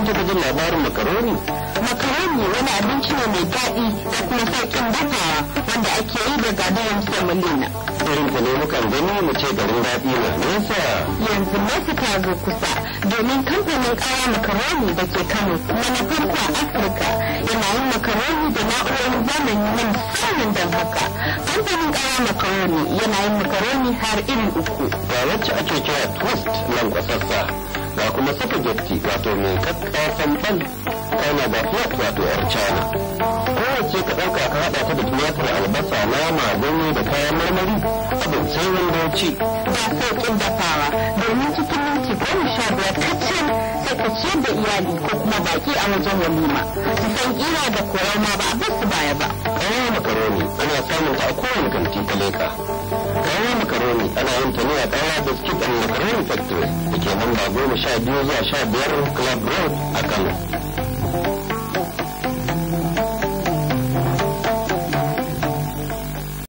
Kun taɓa labarin makaroni makaroni wani abinci ne mai daɗi da kuma kan dafawa wanda ake yi da gadayen samalina irin ku ne mukan gani mu ce garin daɗi na nesa yanzu masu tazo kusa domin kamfanin kaya makaroni da ke kano kuma na farko a afirka yana yin makaroni da na'urorin zamani na musamman don haka kamfanin kaya makaroni yana yin makaroni har iri uku ga wacce ake kira twist kwasassa. da kuma saka jakti wato mai kakkafan ban kana da fiyat wato yar cana kowace ka ɗauka ka haɗa ta da tumatir albasa nama ganye da kayan marmari abin sai wanda ci. ba sauƙin dafawa domin cikin minti goma sha biyar kacin sai ka ciyar da iyali ko kuma baki a wajen walima su san da korau ba a basu baya ba. kayan makaroni ana samun ta a kowane kanti ta leƙa. makaroni ana yin ta ne a ɗaya da skit and macaroni factory da ke namba goma sha biyu zuwa sha biyar club road a kano